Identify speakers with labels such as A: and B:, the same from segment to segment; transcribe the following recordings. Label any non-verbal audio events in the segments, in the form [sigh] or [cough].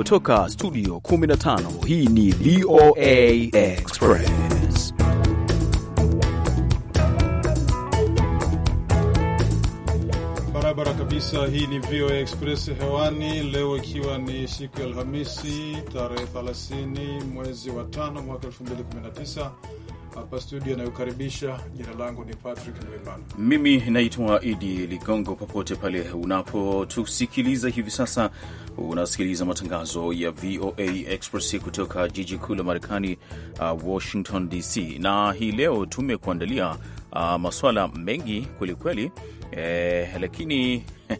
A: kutoka studio 15 hii ni VOA Express
B: barabara kabisa hii ni VOA Express hewani leo ikiwa ni siku ya Alhamisi tarehe 30 mwezi wa tano mwaka 2019 hapa studio anayokaribisha, jina langu ni Patrick Ndwimana.
A: Mimi naitwa Idi Ligongo. Popote pale unapotusikiliza hivi sasa, unasikiliza matangazo ya VOA Express kutoka jiji kuu la Marekani, uh, Washington DC, na hii leo tumekuandalia uh, maswala mengi kwelikweli kweli eh, lakini [laughs]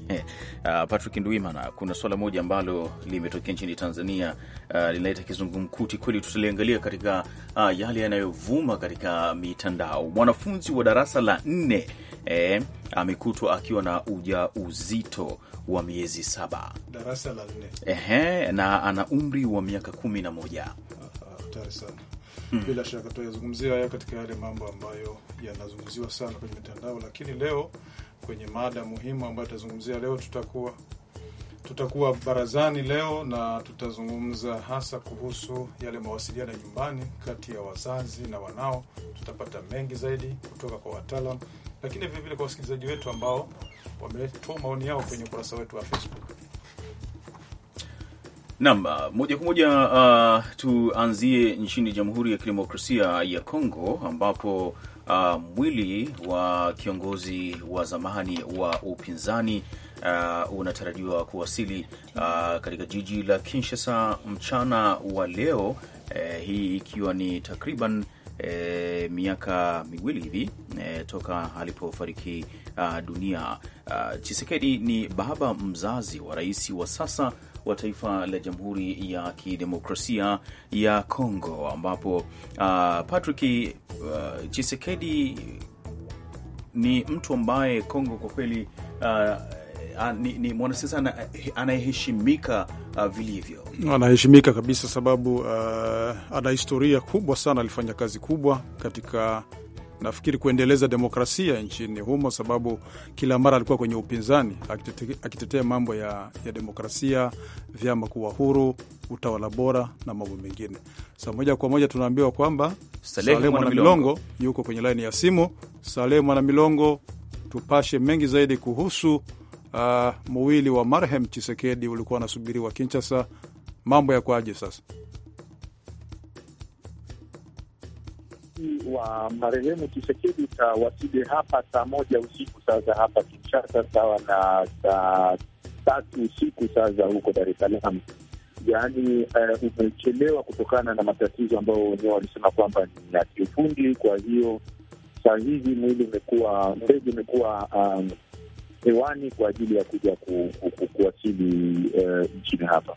A: ah, Patrick Ndwimana, kuna swala moja ambalo limetokea nchini Tanzania uh, linaleta kizungumkuti kweli. Tutaliangalia katika uh, yale yanayovuma katika mitandao. Mwanafunzi wa darasa la nne eh, amekutwa akiwa na uja uzito wa miezi saba,
B: darasa la nne, ehe,
A: na ana umri wa miaka kumi na moja. Hmm. Bila
B: shaka tutayazungumzia hayo katika yale mambo ambayo yanazungumziwa sana kwenye mitandao, lakini leo kwenye mada muhimu ambayo tutazungumzia leo. Tutakuwa tutakuwa barazani leo na tutazungumza hasa kuhusu yale mawasiliano ya nyumbani kati ya wazazi na wanao. Tutapata mengi zaidi kutoka kwa wataalam, lakini vilevile kwa wasikilizaji wetu ambao wametoa maoni yao kwenye ukurasa wetu wa Facebook.
A: nam uh, moja kwa moja uh, tuanzie nchini Jamhuri ya Kidemokrasia ya Kongo ambapo uh, mwili wa kiongozi wa zamani wa upinzani uh, unatarajiwa kuwasili uh, katika jiji la Kinshasa mchana wa leo eh, hii ikiwa ni takriban E, miaka miwili hivi e, toka alipofariki dunia. A, Chisekedi ni baba mzazi wa rais wa sasa wa taifa la Jamhuri ya Kidemokrasia ya Kongo, ambapo uh, Patrick uh, Chisekedi ni mtu ambaye Kongo kwa kweli uh, ni, ni mwanasiasa anayeheshimika uh, vilivyo,
B: anaheshimika kabisa, sababu uh, ana historia kubwa sana, alifanya kazi kubwa katika nafikiri kuendeleza demokrasia nchini humo, sababu kila mara alikuwa kwenye upinzani akitetea mambo ya, ya demokrasia, vyama kuwa huru, utawala bora na mambo mengine. Sa moja kwa moja tunaambiwa kwamba
C: Salehe Mwanamilongo
B: yuko kwenye laini ya simu. Salehe Mwanamilongo, tupashe mengi zaidi kuhusu uh, mwili wa marhem Chisekedi ulikuwa anasubiriwa kinchasa Mambo ya kwaje sasa?
C: Mwili wa marehemu Tshisekedi utawasili hapa saa moja usiku saa za hapa Kinshasa, sawa na saa tatu usiku saa za huko Dar es Salaam. Yaani uh, umechelewa kutokana na matatizo ambayo wenyewe walisema kwamba ni ya kiufundi. Kwa hiyo saa hizi mwili umekuwa ndege imekuwa um, hewani kwa ajili ya kuja ku, ku, ku, kuwasili uh, nchini hapa.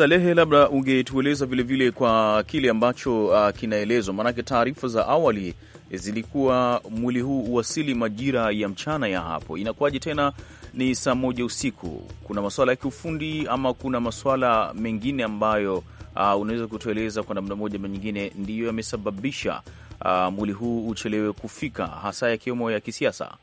A: Salehe, labda ungetueleza vilevile kwa kile ambacho uh, kinaelezwa, maanake taarifa za awali eh, zilikuwa mwili huu uwasili majira ya mchana ya hapo. Inakuwaje tena ni saa moja usiku? Kuna maswala ya kiufundi ama kuna maswala mengine ambayo uh, unaweza kutueleza kwa namna moja manyingine ndiyo yamesababisha uh, mwili huu uchelewe kufika, hasa yakiwemo ya kisiasa?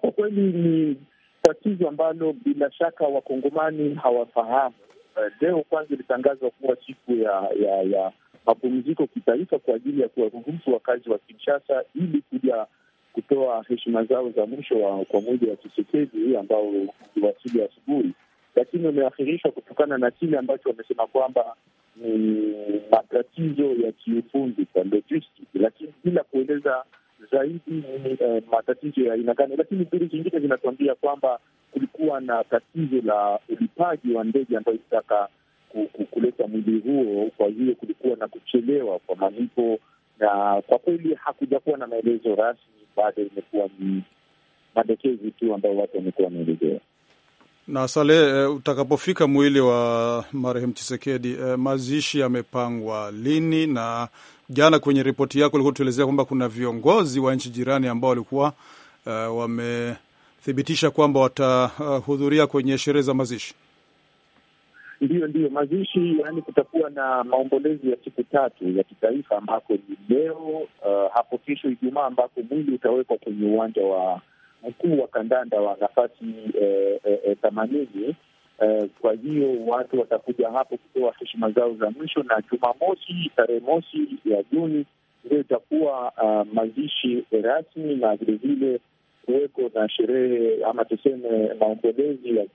C: Kwa kweli ni tatizo ambalo bila shaka wakongomani hawafahamu Eh, leo kwanza ilitangazwa kuwa siku ya ya ya mapumziko kitaifa kwa ajili ya kuwaruhusu wakazi wa Kinshasa ili kuja kutoa heshima zao za mwisho kwa mwili wa Tshisekedi ambao uliwasili asubuhi, lakini wameahirishwa kutokana na kile ambacho wamesema kwamba ni matatizo ya kiufundi kwa lakini bila kueleza zaidi ni eh, matatizo ya aina gani, lakini mbili zingine zinatuambia kwamba kulikuwa na tatizo la ulipaji wa ndege ambayo ilitaka kuleta mwili huo. Kwa hiyo kulikuwa na kuchelewa kwa malipo, na kwa kweli hakujakuwa na maelezo rasmi, bado imekuwa ni madokezi tu ambayo watu wamekuwa wanaelezea
B: na Sale, uh, utakapofika mwili wa marehemu Chisekedi, uh, eh, mazishi yamepangwa lini na jana kwenye ripoti yako ulikuwa tuelezea kwamba kuna viongozi wa nchi jirani ambao walikuwa uh, wamethibitisha kwamba watahudhuria uh, kwenye sherehe za mazishi.
C: Ndiyo, ndiyo mazishi, yaani kutakuwa na maombolezi ya siku tatu ya kitaifa ambako ni leo uh, hapo kesho Ijumaa, ambako mwili utawekwa kwenye uwanja wa mkuu wa kandanda wa nafasi themanini eh, eh, eh Eh, kwa hiyo watu watakuja hapo kutoa heshima zao za mwisho, na Jumamosi tarehe mosi ya Juni ndio itakuwa uh, mazishi rasmi na vilevile kuweko na sherehe ama tuseme maombolezi ya,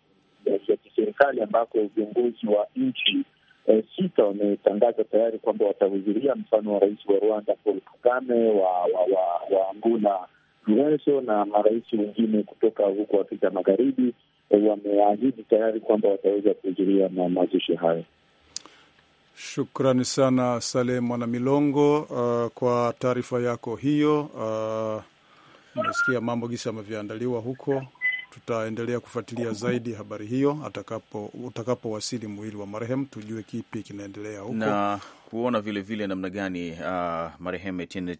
C: ya, ya kiserikali ambako viongozi wa nchi eh, sita wametangaza tayari kwamba watahudhuria, mfano wa rais wa Rwanda Paul Kagame, wa, wa, wa, wa Angola Lorenzo na marais wengine kutoka huko Afrika Magharibi wameahidi tayari kwamba wataweza kuhudhuria na mazishi hayo.
B: Shukrani sana Saleh Mwanamilongo uh, kwa taarifa yako hiyo. Umesikia uh, mambo gisi yamevyoandaliwa huko. Tutaendelea kufuatilia zaidi habari hiyo atakapo utakapowasili mwili wa marehemu, tujue kipi kinaendelea huko na
A: kuona vilevile namna gani uh, marehemu Etienne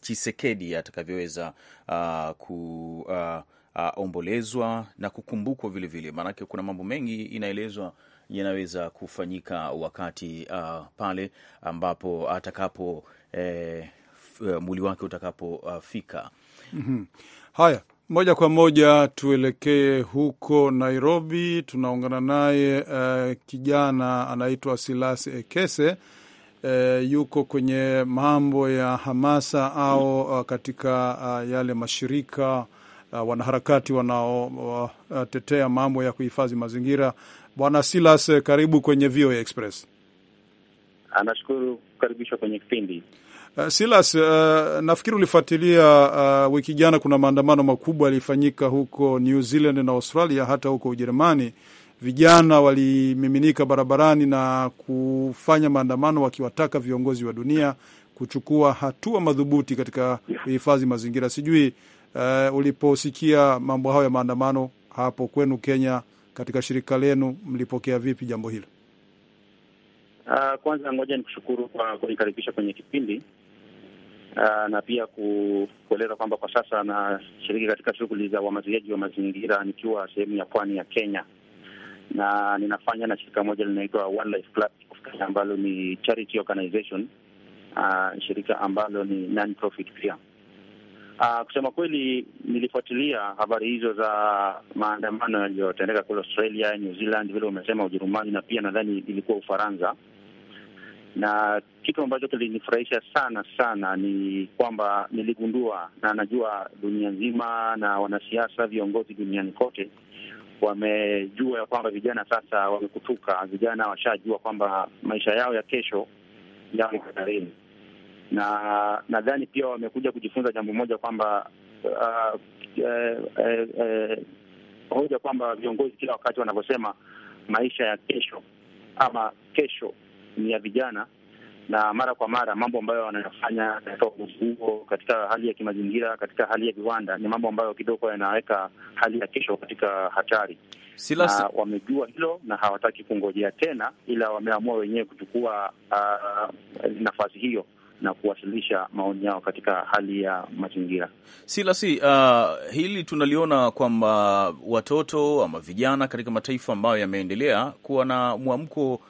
A: chisekedi atakavyoweza uh, ku uh, uh, ombolezwa na kukumbukwa vilevile, maanake kuna mambo mengi inaelezwa yanaweza kufanyika wakati uh, pale ambapo atakapo eh, eh mwili wake utakapofika. Ah, uh, mm
B: -hmm. Haya, moja kwa moja tuelekee huko Nairobi. Tunaungana naye uh, kijana anaitwa Silasi Ekese. E, yuko kwenye mambo ya hamasa au mm, katika uh, yale mashirika uh, wanaharakati wanaotetea uh, mambo ya kuhifadhi mazingira. Bwana Silas, uh, karibu kwenye VOA Express.
C: Anashukuru kukaribishwa kwenye kipindi.
B: Uh, Silas, uh, nafikiri ulifuatilia uh, wiki jana kuna maandamano makubwa yalifanyika huko New Zealand na Australia, hata huko Ujerumani vijana walimiminika barabarani na kufanya maandamano wakiwataka viongozi wa dunia kuchukua hatua madhubuti katika kuhifadhi mazingira. Sijui Uh, uliposikia mambo hayo ya maandamano hapo kwenu Kenya katika shirika lenu mlipokea vipi jambo hilo?
C: Uh, kwanza ngoja nikushukuru kwa kunikaribisha kwenye kipindi uh, na pia kueleza kwamba kwa sasa nashiriki katika shughuli za uhamasishaji wa mazingira nikiwa sehemu ya pwani ya Kenya, na ninafanya na shirika moja linaitwa One Life Club ambalo ni charity organization uh, shirika ambalo ni non-profit pia Uh, kusema kweli nilifuatilia habari hizo za maandamano yaliyotendeka kule Australia, New Zealand, vile umesema Ujerumani na pia nadhani ilikuwa Ufaransa. Na kitu ambacho kilinifurahisha sana sana ni kwamba niligundua, na najua dunia nzima na wanasiasa, viongozi duniani kote wamejua ya kwamba vijana sasa wamekutuka, vijana washajua kwamba maisha yao ya kesho yamo hatarini na nadhani pia wamekuja kujifunza jambo moja kwamba uh, eh, eh, eh, hoja kwamba viongozi kila wakati wanavyosema maisha ya kesho ama kesho ni ya vijana, na mara kwa mara mambo ambayo wanayofanya katika uguzi huo, katika hali ya kimazingira, katika hali ya viwanda ni mambo ambayo kidogo yanaweka hali ya kesho katika hatari. Silasi. Na wamejua hilo na hawataki kungojea tena, ila wameamua wenyewe kuchukua uh, nafasi hiyo na kuwasilisha maoni yao katika hali ya mazingira
A: silasi. Uh, hili tunaliona kwamba watoto ama vijana katika mataifa ambayo yameendelea kuwa na mwamko uh,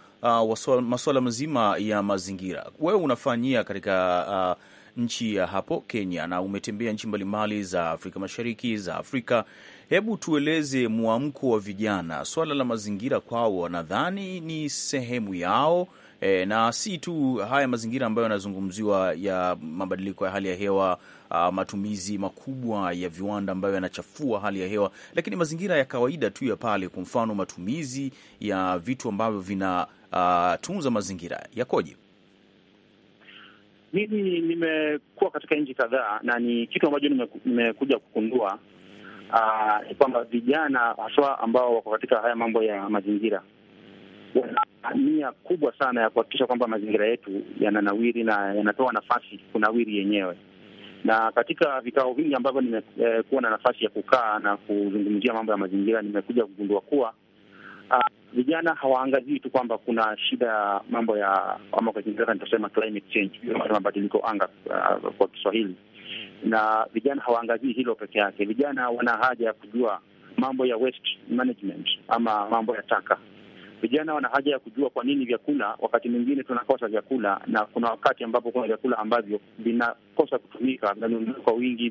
A: wa masuala mazima ya mazingira. Wewe unafanyia katika uh, nchi ya hapo Kenya na umetembea nchi mbalimbali za Afrika Mashariki, za Afrika. Hebu tueleze mwamko wa vijana, swala la mazingira kwao, wanadhani ni sehemu yao e, na si tu haya mazingira ambayo yanazungumziwa ya mabadiliko ya hali ya hewa a, ah, matumizi makubwa ya viwanda ambayo yanachafua hali ya hewa, lakini mazingira ya kawaida tu ya pale, kwa mfano matumizi ya vitu ambavyo vinatunza ah, mazingira yakoje?
C: Mimi nimekuwa katika nchi kadhaa na ni kitu ambacho nimekuja kugundua ah, ni kwamba vijana haswa ambao wako katika haya mambo ya mazingira wana nia kubwa sana ya kuhakikisha kwamba mazingira yetu yananawiri na yanatoa nafasi kunawiri yenyewe. Na katika vikao vingi ambavyo nimekuwa eh, na nafasi ya kukaa na kuzungumzia mambo ya mazingira, nimekuja kugundua kuwa uh, vijana hawaangazii tu kwamba kuna shida ya mambo ya ama, kwa Kiingereza nitasema climate change, mabadiliko anga uh, kwa Kiswahili, na vijana hawaangazii hilo peke yake. Vijana wana haja ya kujua mambo ya waste management ama mambo ya taka Vijana wana haja ya kujua kwa nini vyakula, wakati mwingine tunakosa vyakula, na kuna wakati ambapo kuna vyakula ambavyo vinakosa kutumika, vinanunuliwa kwa wingi,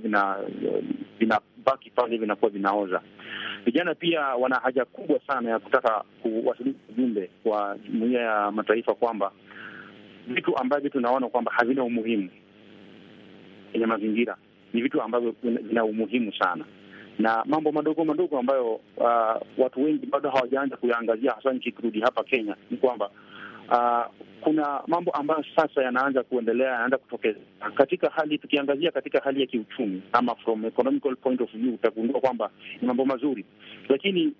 C: vinabaki pale, vinakuwa vinaoza. Vijana pia wana haja kubwa sana ya kutaka kuwasilisha ujumbe kwa jumuiya ya Mataifa kwamba vitu ambavyo tunaona kwamba havina umuhimu kwenye mazingira ni vitu ambavyo vina umuhimu sana na mambo madogo madogo ambayo uh, watu wengi bado hawajaanza kuyaangazia, hasa nchi ikirudi hapa Kenya, ni kwamba uh, kuna mambo ambayo sasa yanaanza kuendelea, yanaanza kutokeza katika hali, tukiangazia katika hali ya kiuchumi ama from economical point of view, utagundua kwamba ni mambo mazuri, lakini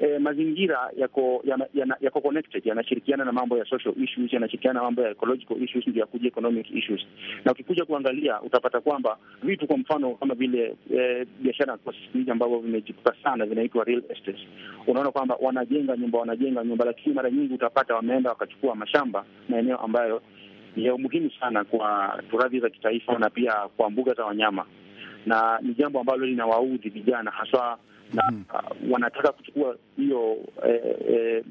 C: eh, mazingira yako yana, yana, yako connected, yanashirikiana na mambo ya social issues, yanashirikiana na mambo ya ecological issues, ndio yakuja economic issues. Na ukikuja kuangalia utapata kwamba vitu kwa mfano kama vile eh, biashara kwa siku hizi ambavyo vimejikuta sana vinaitwa real estate, unaona kwamba wanajenga nyumba wanajenga nyumba, lakini mara nyingi utapata wameenda wakachukua mashamba maeneo ambayo ni umuhimu sana kwa turadhi za kitaifa na pia kwa mbuga za wanyama, na ni jambo ambalo linawaudhi vijana haswa na mm wanataka kuchukua hiyo eh, eh,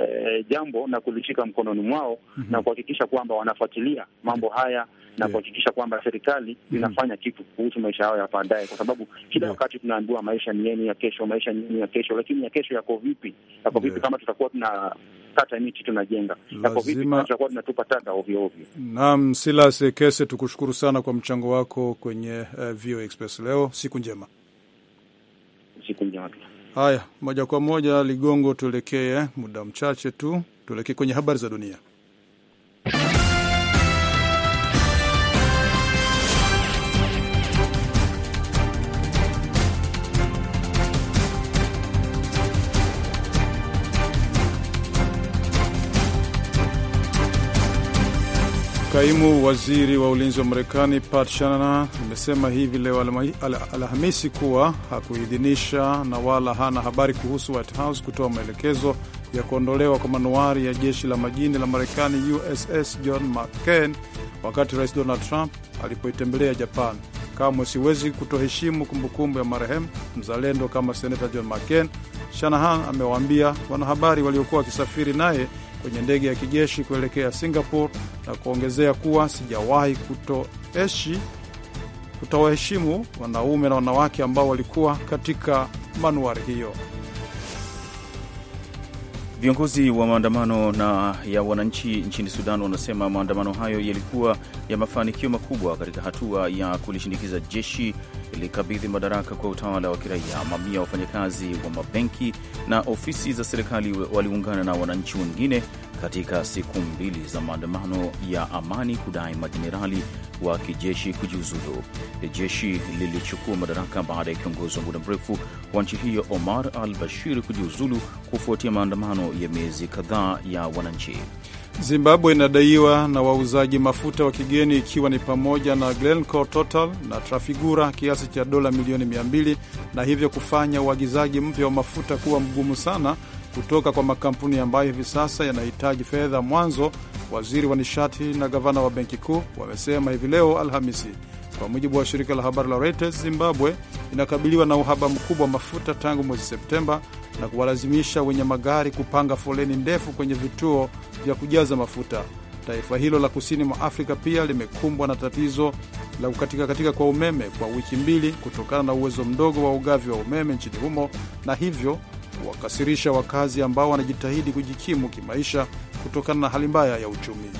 C: E, jambo na kulishika mkononi mwao mm -hmm. na kuhakikisha kwamba wanafuatilia mambo haya na yeah. kuhakikisha kwamba serikali mhm. inafanya mm -hmm. kitu kuhusu maisha yao ya baadaye, kwa sababu kila yeah. wakati tunaambiwa maisha ni yenu ya kesho, maisha ni yenu ya kesho, lakini ya kesho yako vipi? Yako vipi yeah. kama tutakuwa tuna kata miti tunajenga, yako vipi kama tutakuwa tunatupa taka ovyo ovyo?
B: Naam, Silas Kese, tukushukuru sana kwa mchango wako kwenye uh, Vio Express leo. Siku njema siku moja. Haya, moja kwa moja Ligongo, tuelekee eh, muda mchache tu, tuelekee kwenye habari za dunia. Kaimu waziri wa ulinzi wa Marekani Pat Shanahan amesema hivi leo Alhamisi kuwa hakuidhinisha na wala hana habari kuhusu White House kutoa maelekezo ya kuondolewa kwa manuari ya jeshi la majini la Marekani USS John McCain wakati Rais Donald Trump alipoitembelea Japan. Kamwe siwezi kutoheshimu kumbukumbu ya marehemu mzalendo kama senata John McCain, Shanahan amewaambia wanahabari waliokuwa wakisafiri naye kwenye ndege ya kijeshi kuelekea Singapore na kuongezea kuwa sijawahi kutoeshi kutowaheshimu wanaume na wanawake ambao walikuwa katika manuari hiyo.
A: Viongozi wa maandamano na ya wananchi nchini Sudan wanasema maandamano hayo yalikuwa ya mafanikio makubwa katika hatua ya kulishindikiza jeshi likabidhi madaraka kwa utawala wa kiraia. Mamia wafanyakazi wa mabenki na ofisi za serikali waliungana na wananchi wengine katika siku mbili za maandamano ya amani kudai majenerali wa kijeshi kujiuzulu. Jeshi lilichukua madaraka baada ya kiongozi wa muda mrefu wa nchi hiyo Omar al Bashir kujiuzulu kufuatia maandamano ya miezi kadhaa ya wananchi.
B: Zimbabwe inadaiwa na wauzaji mafuta wa kigeni ikiwa ni pamoja na Glencore, Total na Trafigura kiasi cha dola milioni 200 na hivyo kufanya uagizaji mpya wa mafuta kuwa mgumu sana kutoka kwa makampuni ambayo hivi sasa yanahitaji fedha mwanzo, waziri wa nishati na gavana wa benki kuu wamesema hivi leo Alhamisi. Kwa mujibu wa shirika la habari la Reuters, Zimbabwe inakabiliwa na uhaba mkubwa wa mafuta tangu mwezi Septemba na kuwalazimisha wenye magari kupanga foleni ndefu kwenye vituo vya kujaza mafuta. Taifa hilo la kusini mwa Afrika pia limekumbwa na tatizo la kukatika katika kwa umeme kwa wiki mbili kutokana na uwezo mdogo wa ugavi wa umeme nchini humo na hivyo kuwakasirisha wakazi ambao wanajitahidi kujikimu kimaisha kutokana na hali mbaya ya uchumi.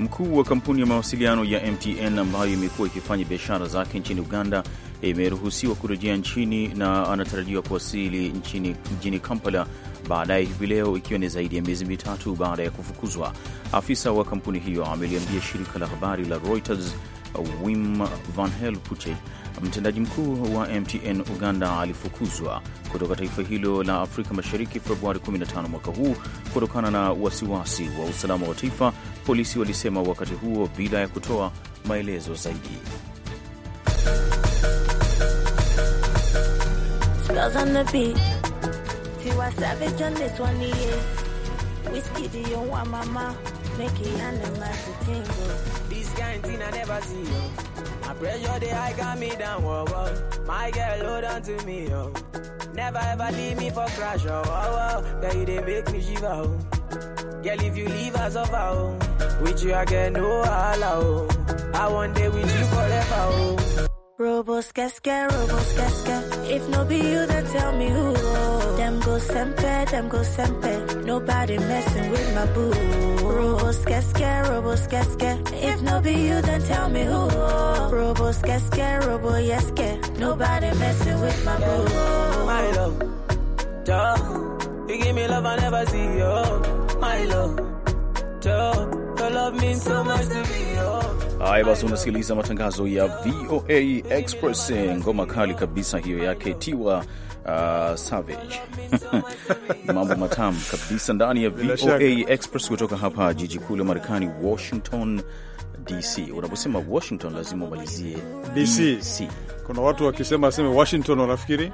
A: Mkuu wa kampuni ya mawasiliano ya MTN ambayo imekuwa ikifanya biashara zake nchini Uganda imeruhusiwa kurejea nchini na anatarajiwa kuwasili nchini mjini Kampala baadaye hivi leo, ikiwa ni zaidi ya miezi mitatu baada ya kufukuzwa. Afisa wa kampuni hiyo ameliambia shirika la habari la Reuters Wim Van Helpute, mtendaji mkuu wa MTN Uganda, alifukuzwa kutoka taifa hilo la Afrika Mashariki Februari 15 mwaka huu kutokana na wasiwasi wa usalama wa taifa, polisi walisema wakati huo bila ya kutoa maelezo zaidi. guarantee I never see you. I pressure the I got me down, whoa, whoa. My girl, hold on to me, yo. Never ever leave me for crash, oh, oh, oh. Girl, you they make me shiver, oh. Girl, if you leave us over, oh. With you, I get no allow, oh. I want day with you forever, oh.
D: Robos casca, robos casca. If no be you, then tell me who. Them go sempe, them go sempe. Nobody messing with my boo. Robos casca, robos casca. If no be you, then tell me who. Robos casca, robo yeske. Nobody
E: messing with my boo.
A: My love, Joe, you give me love I never see. Oh, my love, Joe, your love means so much to me. Oh. Haya basi, unasikiliza matangazo ya VOA Express. Ngoma kali kabisa hiyo yake Tiwa uh, Savage [laughs] mambo matamu kabisa ndani ya VOA Express kutoka hapa jiji kuu la Marekani, Washington DC. Unaposema Washington lazima umalizie DC. DC.
B: Kuna watu wakisema aseme Washington wanafikiri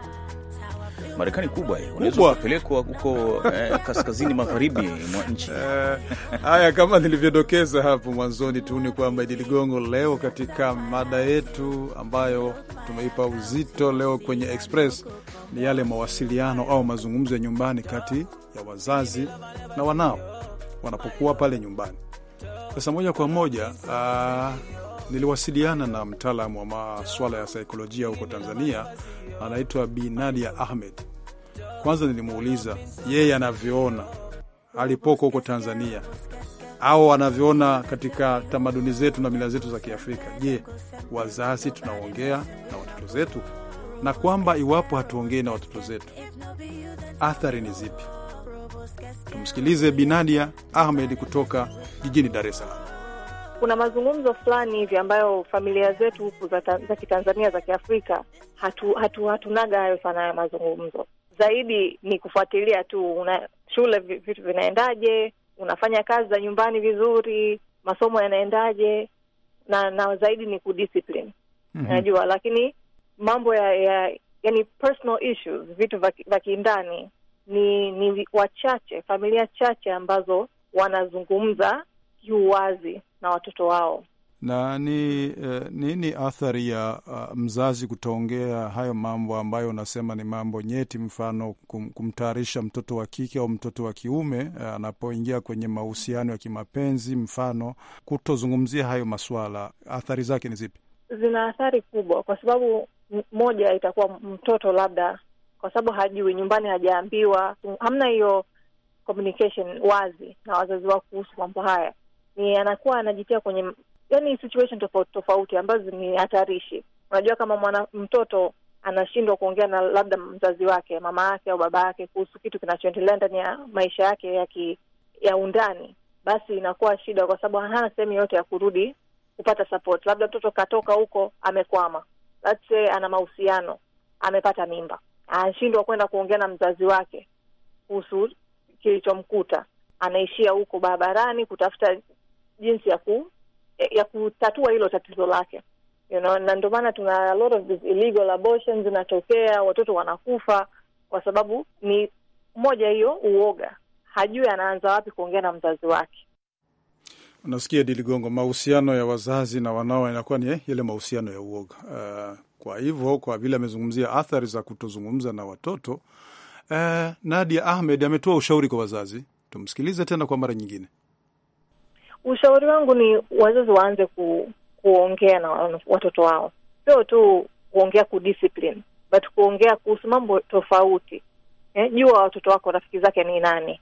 A: Marekani kubwa, unaweza kupelekwa huko eh, kaskazini magharibi mwa nchi
B: eh, haya. Kama nilivyodokeza hapo mwanzoni tu ni kwamba Idi Ligongo, leo katika mada yetu ambayo tumeipa uzito leo kwenye Express ni yale mawasiliano au mazungumzo ya nyumbani kati ya wazazi na wanao wanapokuwa pale nyumbani. Sasa moja kwa moja aa, ah, Niliwasiliana na mtaalamu wa maswala ya saikolojia huko Tanzania, anaitwa Bi Nadia Ahmed. Kwanza nilimuuliza yeye anavyoona alipoko huko Tanzania au anavyoona katika tamaduni zetu na mila zetu za Kiafrika. Je, wazazi tunaongea na watoto zetu? Na kwamba iwapo hatuongei na watoto zetu, athari ni zipi? Tumsikilize Binadia Ahmed kutoka jijini Dar es Salaam
D: kuna mazungumzo fulani hivi ambayo familia zetu huku za, za Kitanzania za Kiafrika hatu, hatu, hatunaga hayo sana ya mazungumzo. Zaidi ni kufuatilia tu una shule vitu vinaendaje, unafanya kazi za nyumbani vizuri, masomo yanaendaje, na na zaidi ni kudiscipline mm -hmm. Najua, lakini mambo ya, ya yani personal issues, vitu vya kindani ni ni wachache, familia chache ambazo wanazungumza kiuwazi na watoto wao.
B: Na ni eh, nini athari ya uh, mzazi kutoongea hayo mambo ambayo unasema ni mambo nyeti, mfano kum, kumtayarisha mtoto wa kike au mtoto wa kiume eh, anapoingia kwenye mahusiano ya kimapenzi, mfano kutozungumzia hayo maswala athari zake ni zipi?
D: Zina athari kubwa, kwa sababu moja itakuwa mtoto labda, kwa sababu hajui, nyumbani hajaambiwa, hamna hiyo communication wazi na wazazi wao kuhusu mambo haya ni anakuwa anajitia kwenye yani situation tofauti tofauti ambazo ni hatarishi. Unajua, kama mwana mtoto anashindwa kuongea na labda mzazi wake, mama yake au baba yake kuhusu kitu kinachoendelea ndani ya maisha yake ya, ki, ya undani, basi inakuwa shida, kwa sababu hana sehemu yoyote ya kurudi kupata support. Labda mtoto katoka huko amekwama, let's say ana mahusiano, amepata mimba, anashindwa kwenda kuongea na mzazi wake kuhusu kilichomkuta, anaishia huko barabarani kutafuta jinsi ya ku, ya kutatua hilo tatizo lake you know? Na ndio maana tuna a lot of these illegal abortions zinatokea, watoto wanakufa kwa sababu ni moja hiyo, uoga, hajui anaanza wapi kuongea na mzazi wake.
B: Unasikia Idi Ligongo, mahusiano ya wazazi na wanao inakuwa ni eh, yale mahusiano ya uoga. Uh, kwa hivyo kwa vile amezungumzia athari za kutozungumza na watoto uh, Nadia Ahmed ametoa ushauri kwa wazazi, tumsikilize tena kwa mara nyingine.
D: Ushauri wangu ni wazazi waanze ku, kuongea na watoto wao, sio tu kuongea kudiscipline, but kuongea kuhusu mambo tofauti. Eh, jua watoto wako rafiki zake ni nani,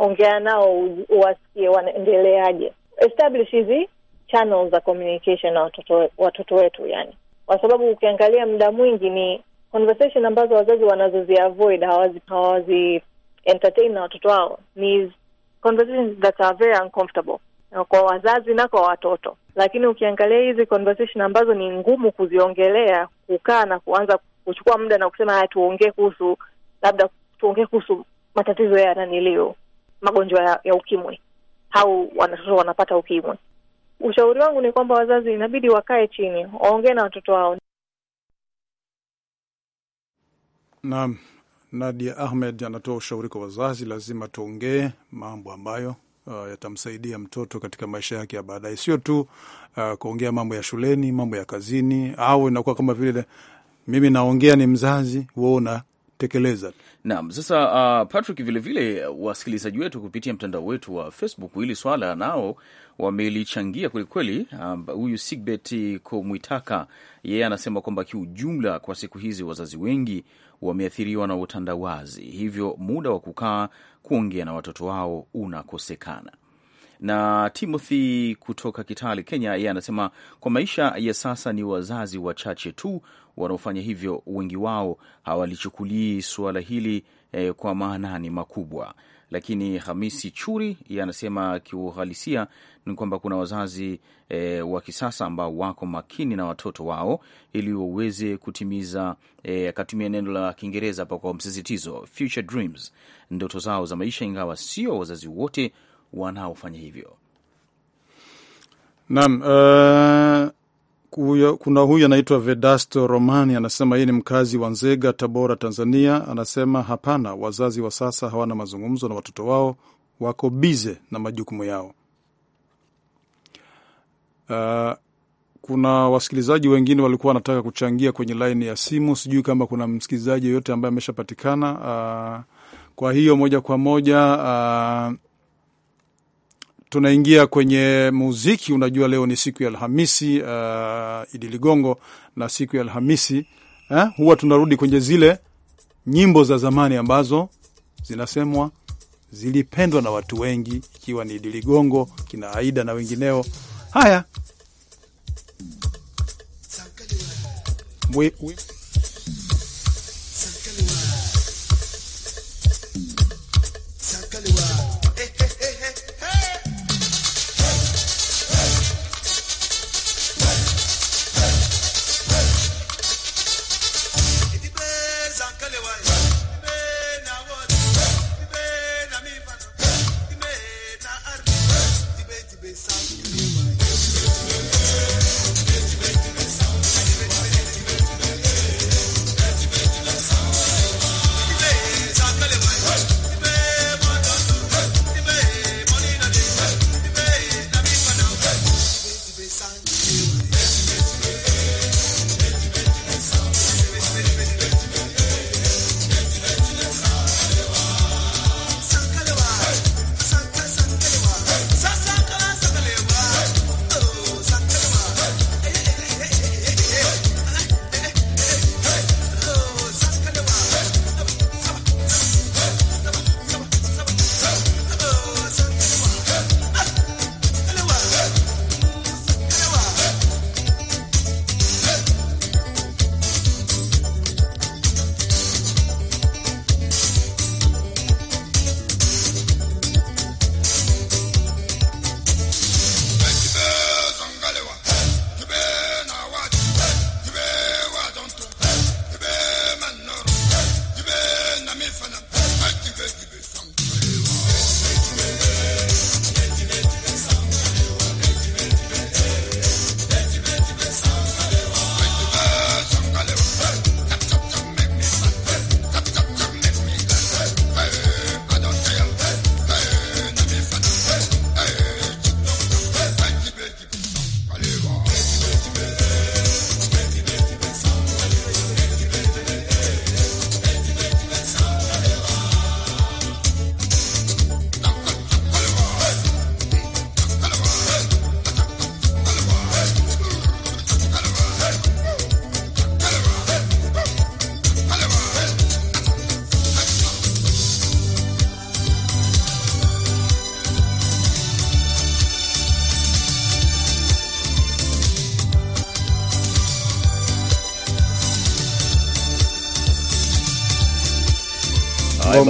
D: ongea nao uwasikie wanaendeleaje. Establish hizi channels za communication na watoto, watoto wetu yani, kwa sababu ukiangalia muda mwingi ni conversation ambazo wazazi wanazoziavoid hawazi, hawazi entertain na watoto wao ni conversations that are very uncomfortable kwa wazazi na kwa watoto. Lakini ukiangalia hizi conversation ambazo ni ngumu kuziongelea, kukaa na kuanza kuchukua muda na kusema haya, tuongee kuhusu labda, tuongee kuhusu matatizo ya nanilio, magonjwa ya, ya ukimwi au watoto wanapata ukimwi. Ushauri wangu ni kwamba wazazi inabidi wakae chini, waongee na watoto wao.
B: Naam, Nadia Ahmed anatoa ushauri kwa wazazi, lazima tuongee mambo ambayo Uh, yatamsaidia mtoto katika maisha yake ya baadaye, sio tu uh, kuongea mambo ya shuleni, mambo ya kazini, au inakuwa kama vile mimi naongea ni mzazi, wewe tekeleza.
A: Naam, sasa uh, Patrick, vilevile uh, wasikilizaji wetu kupitia mtandao wetu wa Facebook, hili swala nao wamelichangia kwelikweli. Um, huyu um, Sigbet Komwitaka yeye anasema kwamba kiujumla, kwa siku hizi wazazi wengi wameathiriwa na utandawazi, hivyo muda wa kukaa kuongea na watoto wao unakosekana. Na Timothy kutoka Kitale, Kenya, yeye anasema kwa maisha ya sasa ni wazazi wachache tu wanaofanya hivyo, wengi wao hawalichukulii suala hili eh, kwa maanani makubwa. Lakini Hamisi Churi yeye anasema kiuhalisia ni kwamba kuna wazazi e, wa kisasa ambao wako makini na watoto wao ili waweze kutimiza, eh, akatumia neno la Kiingereza hapa kwa msisitizo, future dreams, ndoto zao za maisha, ingawa sio wazazi wote wanaofanya hivyo.
B: Naam, uh, kuyo, kuna huyu anaitwa Vedasto Romani anasema yeye ni mkazi wa Nzega, Tabora, Tanzania. Anasema hapana, wazazi wa sasa hawana mazungumzo na watoto wao, wako bize na majukumu yao. Uh, kuna wasikilizaji wengine walikuwa wanataka kuchangia kwenye laini ya simu. Sijui kama kuna msikilizaji yoyote ambaye ameshapatikana. Uh, kwa hiyo moja kwa moja uh, tunaingia kwenye muziki. Unajua, leo ni siku ya Alhamisi, uh, Idi Ligongo, na siku ya Alhamisi eh, huwa tunarudi kwenye zile nyimbo za zamani ambazo zinasemwa zilipendwa na watu wengi, ikiwa ni Idi Ligongo, kina Aida na wengineo. Haya we, we.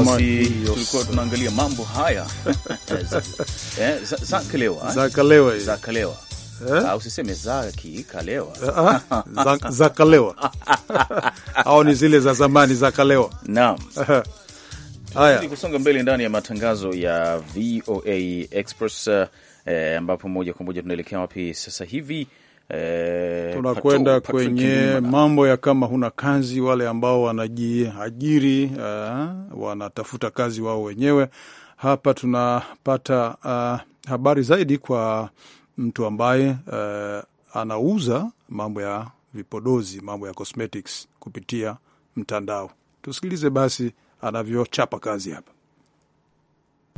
E: Jumamosi
A: tulikuwa tunaangalia mambo haya [laughs] eh, zakalewa zakalewa zakalewa eh? au ah, usiseme zaki kalewa eh, ah,
B: zakalewa
A: [laughs] au ni zile
B: za zamani zakalewa. Naam. [laughs]
A: Haya, kusonga mbele ndani ya matangazo ya VOA Express ambapo moja kwa moja tunaelekea wapi sasa hivi? eh, tunakwenda kwenye
B: mambo ya kama huna kazi, wale ambao wanajiajiri uh, wanatafuta kazi wao wenyewe. Hapa tunapata uh, habari zaidi kwa mtu ambaye uh, anauza mambo ya vipodozi, mambo ya cosmetics kupitia mtandao. Tusikilize basi anavyochapa kazi hapa.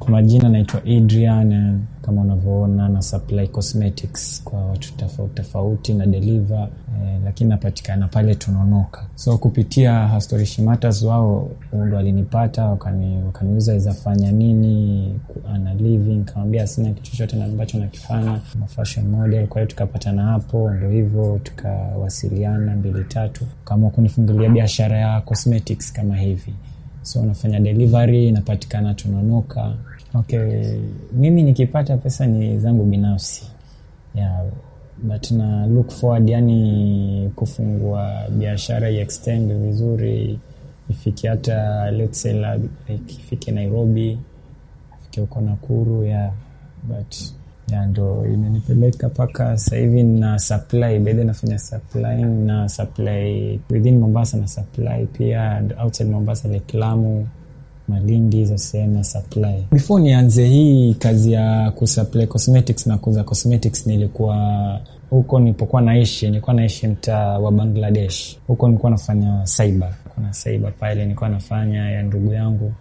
E: Kwa majina naitwa Adrian, kama unavyoona na supply cosmetics kwa watu tofauti tofauti na deliver eh, lakini napatikana pale tunaonoka So kupitia Hastorishi wao ndo walinipata wakaniuza izafanya nini ana living, kawambia sina kitu chochote ambacho nakifanya na fashion model. Kwa hiyo tukapatana hapo, ndo hivyo tukawasiliana mbili tatu, kama kunifungulia biashara ya cosmetics kama hivi so nafanya delivery, inapatikana tunanuka Okay, mimi nikipata pesa ni zangu binafsi yeah, but na look forward, yani kufungua biashara iextend vizuri, ifike hata let's say like ifike Nairobi, ifike huko Nakuru yeah, but ya ndo imenipeleka mpaka sahivi na supply baada nafanya supply na supply within Mombasa na supply pia outside Mombasa like Malindi hizo sehemu na supply. Before nianze hii kazi ya kusupply cosmetics na kuza cosmetics, nilikuwa huko nilipokuwa naishi, nilikuwa naishi mtaa wa Bangladesh. Huko nilikuwa nafanya cyber, kuna cyber pale nilikuwa nafanya ya ndugu yangu,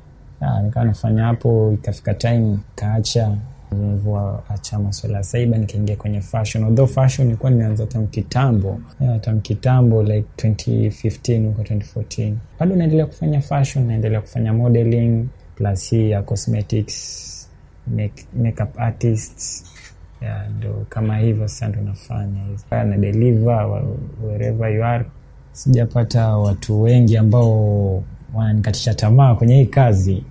E: nikawa nafanya hapo, ikafika time kaacha mvua acha maswala ya cyber, nikaingia kwenye fashion. Although fashion nilikuwa nimeanza tam kitambo, tam kitambo like 2015 huko 2014, bado naendelea kufanya fashion, naendelea kufanya modeling plus hii ya cosmetics, make, makeup artists yeah, ndo kama hivyo sasa ndo nafanya na deliver wherever you are. Sijapata watu wengi ambao wananikatisha tamaa kwenye hii kazi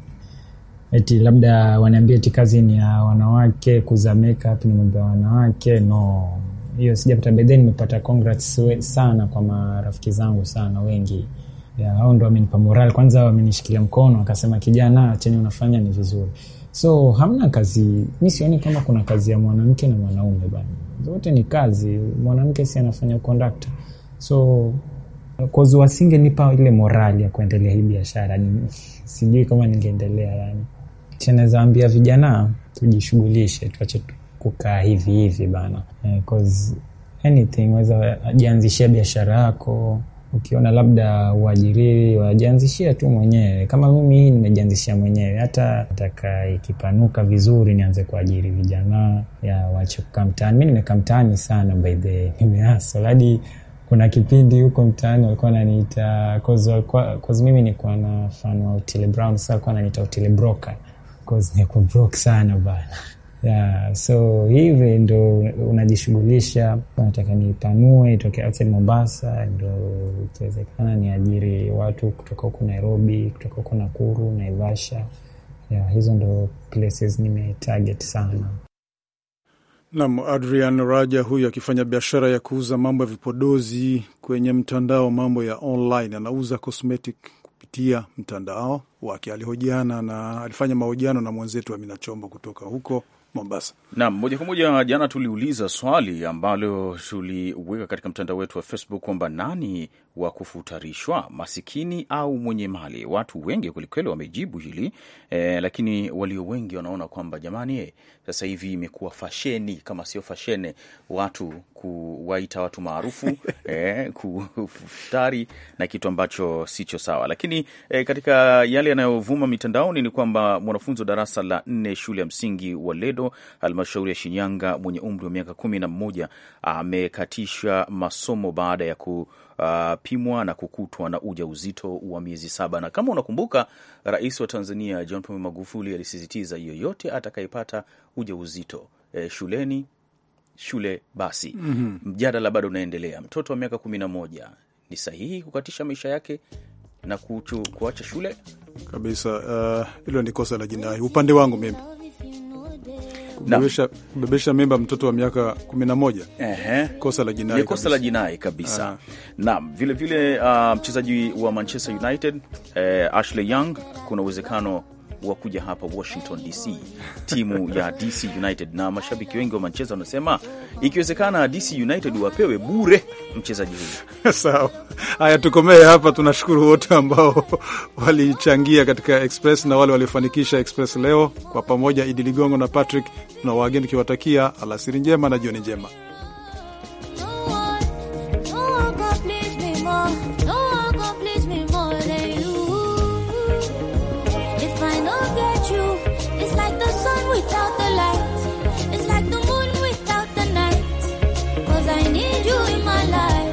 E: eti labda wanaambia eti kazi ni ya wanawake kuza makeup ni mambo ya wanawake no hiyo sijapata bedhe nimepata congrats sana kwa marafiki zangu sana wengi hao ndo wamenipa moral kwanza wamenishikilia mkono akasema kijana chenye unafanya ni vizuri so hamna kazi mi sioni kama kuna kazi ya mwanamke na mwanaume bana zote ni kazi mwanamke si anafanya kondakta so kozi wasingenipa ile morali ya kuendelea hii biashara sijui kama ningeendelea yani Naweza ambia vijana tujishughulishe, tuache kukaa hivi hivi bana, eh, cause anything waweza jianzishia biashara yako ukiona labda uajiriwi, wajianzishia tu mwenyewe. Kama mimi hii nimejianzishia mwenyewe, hata taka ikipanuka vizuri nianze kuajiri vijana ya wache kukaa mtaani. Mi nimekaa mtaani sana by the [laughs] nimeasol hadi kuna kipindi huko mtaani walikuwa wananiita cause mimi nikuwa na fan wa Otile Brown, sasa walikuwa wananiita Otile Broka cause nimekublock sana bana. Yeah, so hivi ndo unajishughulisha, nataka nipanue itoke outside Mombasa, ndo ikiwezekana niajiri watu kutoka huko Nairobi, kutoka huko Nakuru, Naivasha. Yeah, hizo ndo places target sana.
B: Nam Adrian Raja huyu akifanya biashara ya kuuza mambo ya vipodozi kwenye mtandao, mambo ya online, anauza cosmetic kupitia mtandao wake. Alihojiana na alifanya mahojiano na mwenzetu Amina
A: Chombo kutoka huko Mombasa. Naam, moja kwa moja, jana tuliuliza swali ambalo tuliweka katika mtandao wetu wa Facebook kwamba nani wa kufutarishwa, masikini au mwenye mali? Watu wengi kwelikweli wamejibu hili eh, lakini walio wengi wanaona kwamba jamani, eh, sasa hivi imekuwa fasheni kama sio fashene watu kuwaita watu maarufu [laughs] eh, kufutari na kitu ambacho sicho sawa. Lakini eh, katika yale yanayovuma mitandaoni ni kwamba mwanafunzi wa darasa la nne shule ya msingi wa Ledo halmashauri ya Shinyanga mwenye umri wa miaka kumi na mmoja amekatisha masomo baada ya kupimwa uh, na kukutwa na uja uzito wa miezi saba. Na kama unakumbuka, rais wa Tanzania John Pombe Magufuli alisisitiza yoyote atakayepata uja uzito e, shuleni shule basi. mm -hmm. Mjadala bado unaendelea. Mtoto wa miaka kumi na moja ni sahihi kukatisha maisha yake na kuchu, kuacha shule
B: kabisa? Uh, hilo uh, ni kosa la jinai upande wangu mimi kubebesha mimba mtoto wa miaka 11
A: kosa la jinai, kosa la jinai kabisa. Naam, vile vile ah, mchezaji wa Manchester United eh, Ashley Young, kuna uwezekano wa kuja hapa Washington DC, timu ya [laughs] DC United. Na mashabiki wengi wa Manchester wanasema ikiwezekana DC United wapewe bure mchezaji huyu.
B: [laughs] Sawa, haya, tukomee hapa. Tunashukuru wote ambao [laughs] walichangia katika Express na wale waliofanikisha Express leo. Kwa pamoja, Idi Ligongo na Patrick, tuna wageni tukiwatakia alasiri njema na jioni njema.
D: without the light. It's like the moon without the night. Cause I need you in my life.